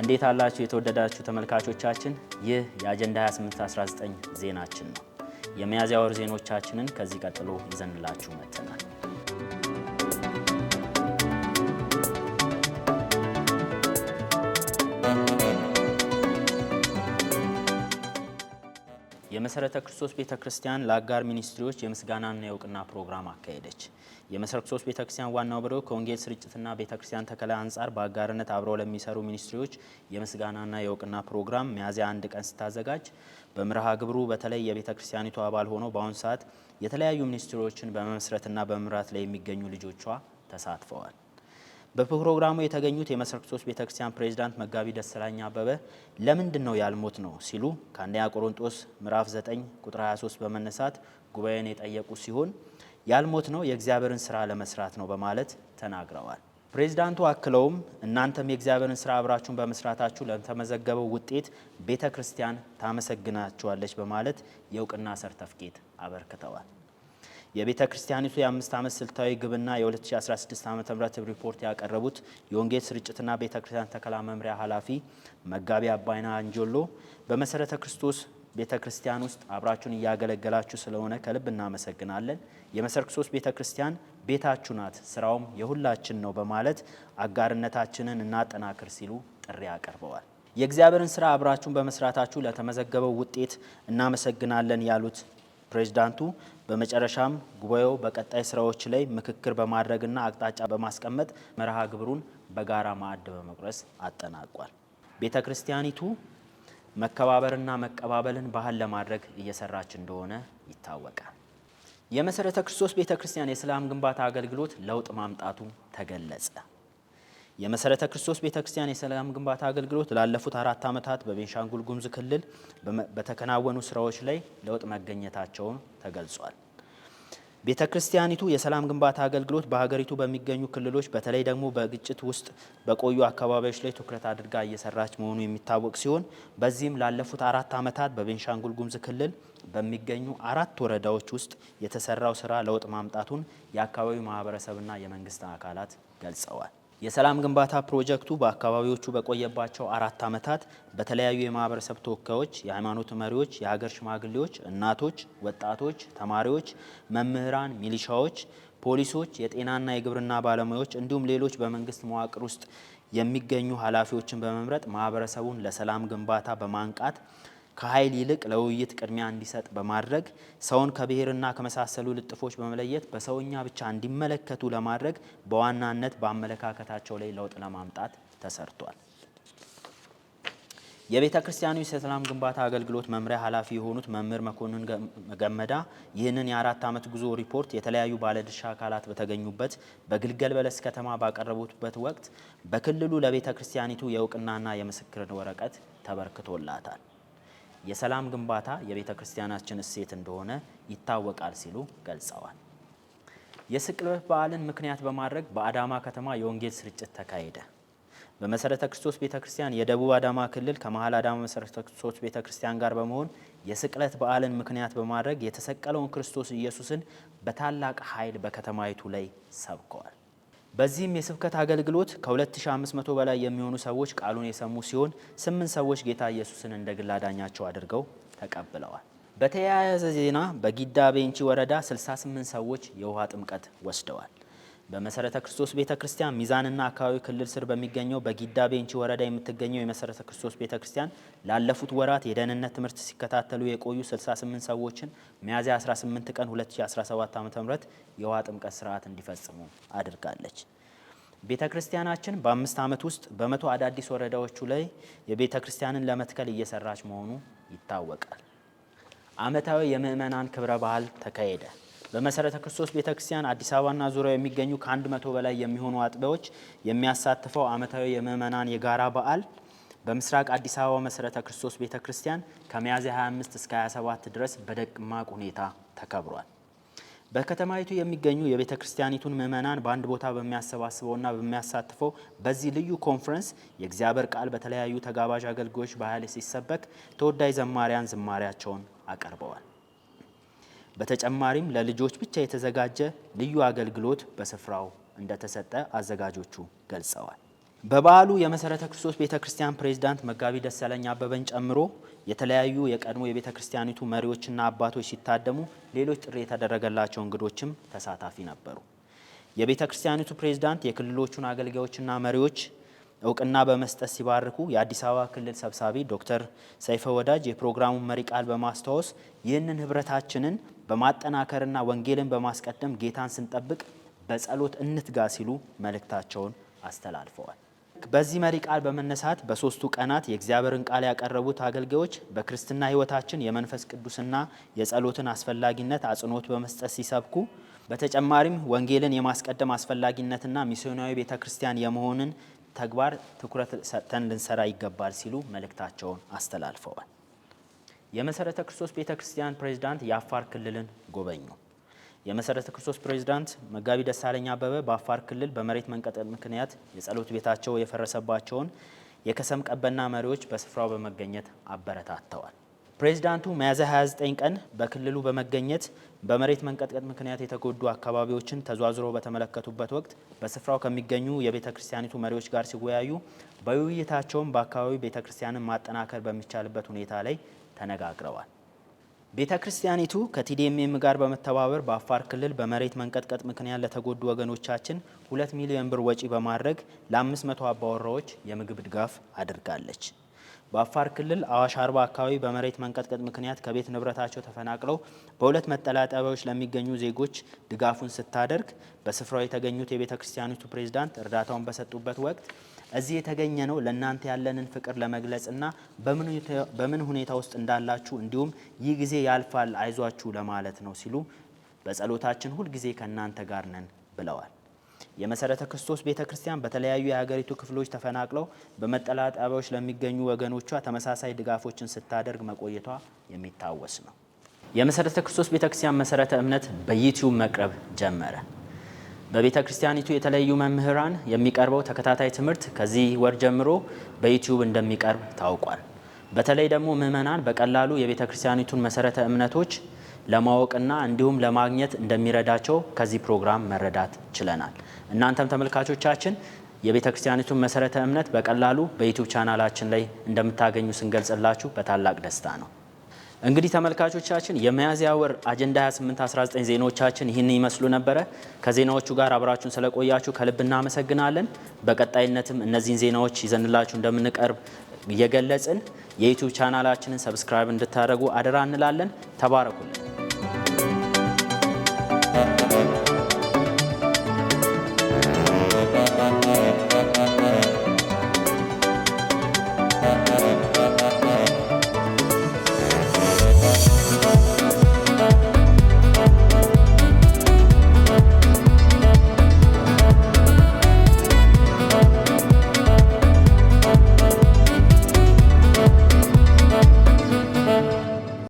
እንዴት አላችሁ የተወደዳችሁ ተመልካቾቻችን? ይህ የአጀንዳ 2819 ዜናችን ነው። የሚያዝያ ወር ዜናዎቻችንን ከዚህ ቀጥሎ ይዘንላችሁ መጥተናል። የመሰረተ ክርስቶስ ቤተ ክርስቲያን ለአጋር ሚኒስትሪዎች የምስጋናና የእውቅና ፕሮግራም አካሄደች። የመሰረተ ክርስቶስ ቤተ ክርስቲያን ዋናው ብሎ ከወንጌል ስርጭትና ቤተ ክርስቲያን አንጻር በአጋርነት አብረው ለሚሰሩ ሚኒስትሪዎች የምስጋናና የእውቅና ፕሮግራም ሚያዝያ አንድ ቀን ስታዘጋጅ በምርሃ ግብሩ በተለይ የቤተ ክርስቲያኒቱ አባል ሆነው በአሁኑ ሰዓት የተለያዩ ሚኒስትሪዎችን በመመስረትና በመምራት ላይ የሚገኙ ልጆቿ ተሳትፈዋል። በፕሮግራሙ የተገኙት የመሠረተ ክርስቶስ ቤተክርስቲያን ፕሬዝዳንት መጋቢ ደሰላኛ አበበ ለምንድን ነው ያልሞት ነው ሲሉ ከአንደኛ ቆሮንጦስ ምዕራፍ 9 ቁጥር 23 በመነሳት ጉባኤን የጠየቁ ሲሆን ያልሞት ነው የእግዚአብሔርን ስራ ለመስራት ነው በማለት ተናግረዋል። ፕሬዝዳንቱ አክለውም እናንተም የእግዚአብሔርን ስራ አብራችሁን በመስራታችሁ ለተመዘገበው ውጤት ቤተ ክርስቲያን ታመሰግናችኋለች በማለት የእውቅና ሰርተፍኬት አበርክተዋል። የቤተ ክርስቲያኒቱ የአምስት ዓመት ስልታዊ ግብና የ2016 ዓ ም ሪፖርት ያቀረቡት የወንጌል ስርጭትና ቤተ ክርስቲያን ተከላ መምሪያ ኃላፊ መጋቢ አባይና አንጆሎ በመሰረተ ክርስቶስ ቤተ ክርስቲያን ውስጥ አብራችሁን እያገለገላችሁ ስለሆነ ከልብ እናመሰግናለን። የመሰረተ ክርስቶስ ቤተ ክርስቲያን ቤታችሁ ናት፣ ስራውም የሁላችን ነው በማለት አጋርነታችንን እናጠናክር ሲሉ ጥሪ አቅርበዋል። የእግዚአብሔርን ስራ አብራችሁን በመስራታችሁ ለተመዘገበው ውጤት እናመሰግናለን ያሉት ፕሬዚዳንቱ በመጨረሻም ጉባኤው በቀጣይ ስራዎች ላይ ምክክር በማድረግና አቅጣጫ በማስቀመጥ መርሃ ግብሩን በጋራ ማዕድ በመቁረስ አጠናቋል። ቤተ ክርስቲያኒቱ መከባበርና መቀባበልን ባህል ለማድረግ እየሰራች እንደሆነ ይታወቃል። የመሠረተ ክርስቶስ ቤተ ክርስቲያን የሰላም ግንባታ አገልግሎት ለውጥ ማምጣቱ ተገለጸ። የመሰረተ ክርስቶስ ቤተ ክርስቲያን የሰላም ግንባታ አገልግሎት ላለፉት አራት ዓመታት በቤንሻንጉል ጉሙዝ ክልል በተከናወኑ ስራዎች ላይ ለውጥ መገኘታቸውን ተገልጿል። ቤተ ክርስቲያኒቱ የሰላም ግንባታ አገልግሎት በሀገሪቱ በሚገኙ ክልሎች በተለይ ደግሞ በግጭት ውስጥ በቆዩ አካባቢዎች ላይ ትኩረት አድርጋ እየሰራች መሆኑ የሚታወቅ ሲሆን በዚህም ላለፉት አራት ዓመታት በቤንሻንጉል ጉሙዝ ክልል በሚገኙ አራት ወረዳዎች ውስጥ የተሰራው ስራ ለውጥ ማምጣቱን የአካባቢው ማህበረሰብና የመንግስት አካላት ገልጸዋል። የሰላም ግንባታ ፕሮጀክቱ በአካባቢዎቹ በቆየባቸው አራት ዓመታት በተለያዩ የማህበረሰብ ተወካዮች፣ የሃይማኖት መሪዎች፣ የሀገር ሽማግሌዎች፣ እናቶች፣ ወጣቶች፣ ተማሪዎች፣ መምህራን፣ ሚሊሻዎች፣ ፖሊሶች፣ የጤናና የግብርና ባለሙያዎች እንዲሁም ሌሎች በመንግስት መዋቅር ውስጥ የሚገኙ ኃላፊዎችን በመምረጥ ማህበረሰቡን ለሰላም ግንባታ በማንቃት ከኃይል ይልቅ ለውይይት ቅድሚያ እንዲሰጥ በማድረግ ሰውን ከብሔርና ከመሳሰሉ ልጥፎች በመለየት በሰውኛ ብቻ እንዲመለከቱ ለማድረግ በዋናነት በአመለካከታቸው ላይ ለውጥ ለማምጣት ተሰርቷል። የቤተ ክርስቲያኑ የሰላም ግንባታ አገልግሎት መምሪያ ኃላፊ የሆኑት መምህር መኮንን ገመዳ ይህንን የአራት ዓመት ጉዞ ሪፖርት የተለያዩ ባለድርሻ አካላት በተገኙበት በግልገል በለስ ከተማ ባቀረቡበት ወቅት በክልሉ ለቤተ ክርስቲያኒቱ የእውቅናና የምስክር ወረቀት ተበርክቶላታል። የሰላም ግንባታ የቤተ ክርስቲያናችን እሴት እንደሆነ ይታወቃል ሲሉ ገልጸዋል። የስቅለት በዓልን ምክንያት በማድረግ በአዳማ ከተማ የወንጌል ስርጭት ተካሄደ። በመሰረተ ክርስቶስ ቤተ ክርስቲያን የደቡብ አዳማ ክልል ከመሀል አዳማ መሰረተ ክርስቶስ ቤተ ክርስቲያን ጋር በመሆን የስቅለት በዓልን ምክንያት በማድረግ የተሰቀለውን ክርስቶስ ኢየሱስን በታላቅ ኃይል በከተማይቱ ላይ ሰብከዋል። በዚህም የስብከት አገልግሎት ከ2500 በላይ የሚሆኑ ሰዎች ቃሉን የሰሙ ሲሆን ስምንት ሰዎች ጌታ ኢየሱስን እንደ ግል አዳኛቸው አድርገው ተቀብለዋል። በተያያዘ ዜና በጊዳ ቤንቺ ወረዳ 68 ሰዎች የውሃ ጥምቀት ወስደዋል። በመሰረተ ክርስቶስ ቤተ ክርስቲያን ሚዛንና አካባቢ ክልል ስር በሚገኘው በጊዳ ቤንች ወረዳ የምትገኘው የመሰረተ ክርስቶስ ቤተ ክርስቲያን ላለፉት ወራት የደህንነት ትምህርት ሲከታተሉ የቆዩ 68 ሰዎችን ሚያዝያ 18 ቀን 2017 ዓ.ም የውሃ ጥምቀት ስርዓት እንዲፈጽሙ አድርጋለች። ቤተ ክርስቲያናችን በአምስት ዓመት ውስጥ በመቶ አዳዲስ ወረዳዎቹ ላይ የቤተ ክርስቲያንን ለመትከል እየሰራች መሆኑ ይታወቃል። ዓመታዊ የምዕመናን ክብረ በዓል ተካሄደ። በመሰረተ ክርስቶስ ቤተ ክርስቲያን አዲስ አበባና ዙሪያው የሚገኙ ከአንድ መቶ በላይ የሚሆኑ አጥቢያዎች የሚያሳትፈው ዓመታዊ የምእመናን የጋራ በዓል በምስራቅ አዲስ አበባ መሰረተ ክርስቶስ ቤተ ክርስቲያን ከሚያዝያ 25 እስከ 27 ድረስ በደማቅ ሁኔታ ተከብሯል። በከተማይቱ የሚገኙ የቤተ ክርስቲያኒቱን ምእመናን በአንድ ቦታ በሚያሰባስበውና በሚያሳትፈው በዚህ ልዩ ኮንፈረንስ የእግዚአብሔር ቃል በተለያዩ ተጋባዥ አገልጋዮች ባህል ሲሰበክ ተወዳጅ ዘማሪያን ዝማሪያቸውን አቀርበዋል። በተጨማሪም ለልጆች ብቻ የተዘጋጀ ልዩ አገልግሎት በስፍራው እንደተሰጠ አዘጋጆቹ ገልጸዋል። በበዓሉ የመሰረተ ክርስቶስ ቤተ ክርስቲያን ፕሬዝዳንት መጋቢ ደሰለኝ አበበን ጨምሮ የተለያዩ የቀድሞ የቤተ ክርስቲያኒቱ መሪዎችና አባቶች ሲታደሙ፣ ሌሎች ጥሪ የተደረገላቸው እንግዶችም ተሳታፊ ነበሩ። የቤተ ክርስቲያኒቱ ፕሬዝዳንት የክልሎቹን አገልጋዮችና መሪዎች እውቅና በመስጠት ሲባርኩ የአዲስ አበባ ክልል ሰብሳቢ ዶክተር ሰይፈ ወዳጅ የፕሮግራሙን መሪ ቃል በማስታወስ ይህንን ህብረታችንን በማጠናከርና ወንጌልን በማስቀደም ጌታን ስንጠብቅ በጸሎት እንትጋ ሲሉ መልእክታቸውን አስተላልፈዋል። በዚህ መሪ ቃል በመነሳት በሶስቱ ቀናት የእግዚአብሔርን ቃል ያቀረቡት አገልጋዮች በክርስትና ሕይወታችን የመንፈስ ቅዱስና የጸሎትን አስፈላጊነት አጽንኦት በመስጠት ሲሰብኩ በተጨማሪም ወንጌልን የማስቀደም አስፈላጊነትና ሚስዮናዊ ቤተ ክርስቲያን የመሆንን ተግባር ትኩረት ሰጥተን ልንሰራ ይገባል ሲሉ መልእክታቸውን አስተላልፈዋል። የመሰረተ ክርስቶስ ቤተ ክርስቲያን ፕሬዝዳንት የአፋር ክልልን ጎበኙ። የመሰረተ ክርስቶስ ፕሬዝዳንት መጋቢ ደሳለኝ አበበ በአፋር ክልል በመሬት መንቀጥቀጥ ምክንያት የጸሎት ቤታቸው የፈረሰባቸውን የከሰም ቀበና መሪዎች በስፍራው በመገኘት አበረታተዋል። ፕሬዝዳንቱ ሚያዝያ 29 ቀን በክልሉ በመገኘት በመሬት መንቀጥቀጥ ምክንያት የተጎዱ አካባቢዎችን ተዟዝሮ በተመለከቱበት ወቅት በስፍራው ከሚገኙ የቤተ ክርስቲያኒቱ መሪዎች ጋር ሲወያዩ በውይይታቸውም በአካባቢው ቤተ ክርስቲያንን ማጠናከር በሚቻልበት ሁኔታ ላይ ተነጋግረዋል። ቤተ ክርስቲያኒቱ ከቲዲኤምኤም ጋር በመተባበር በአፋር ክልል በመሬት መንቀጥቀጥ ምክንያት ለተጎዱ ወገኖቻችን ሁለት ሚሊዮን ብር ወጪ በማድረግ ለአምስት መቶ አባወራዎች የምግብ ድጋፍ አድርጋለች። በአፋር ክልል አዋሽ አርባ አካባቢ በመሬት መንቀጥቀጥ ምክንያት ከቤት ንብረታቸው ተፈናቅለው በሁለት መጠለያ ጣቢያዎች ለሚገኙ ዜጎች ድጋፉን ስታደርግ በስፍራው የተገኙት የቤተ ክርስቲያኒቱ ፕሬዝዳንት እርዳታውን በሰጡበት ወቅት እዚህ የተገኘ ነው ለእናንተ ያለንን ፍቅር ለመግለጽና በምን ሁኔታ ውስጥ እንዳላችሁ እንዲሁም ይህ ጊዜ ያልፋል አይዟችሁ ለማለት ነው ሲሉ በጸሎታችን ሁልጊዜ ከእናንተ ጋር ነን ብለዋል። የመሰረተ ክርስቶስ ቤተ ክርስቲያን በተለያዩ የሀገሪቱ ክፍሎች ተፈናቅለው በመጠለያ ጣቢያዎች ለሚገኙ ወገኖቿ ተመሳሳይ ድጋፎችን ስታደርግ መቆየቷ የሚታወስ ነው። የመሰረተ ክርስቶስ ቤተ ክርስቲያን መሰረተ እምነት በዩቲዩብ መቅረብ ጀመረ። በቤተ ክርስቲያኒቱ የተለያዩ መምህራን የሚቀርበው ተከታታይ ትምህርት ከዚህ ወር ጀምሮ በዩቲዩብ እንደሚቀርብ ታውቋል። በተለይ ደግሞ ምእመናን በቀላሉ የቤተ ክርስቲያኒቱን መሰረተ እምነቶች ለማወቅና እንዲሁም ለማግኘት እንደሚረዳቸው ከዚህ ፕሮግራም መረዳት ችለናል። እናንተም ተመልካቾቻችን የቤተ ክርስቲያኒቱን መሰረተ እምነት በቀላሉ በዩቱብ ቻናላችን ላይ እንደምታገኙ ስንገልጽላችሁ በታላቅ ደስታ ነው። እንግዲህ ተመልካቾቻችን የሚያዝያ ወር አጀንዳ 28 ዜናዎቻችን ይህን ይመስሉ ነበረ። ከዜናዎቹ ጋር አብራችሁን ስለቆያችሁ ከልብ እናመሰግናለን። በቀጣይነትም እነዚህን ዜናዎች ይዘንላችሁ እንደምንቀርብ እየገለጽን የዩቱብ ቻናላችንን ሰብስክራይብ እንድታደርጉ አደራ እንላለን። ተባረኩልን።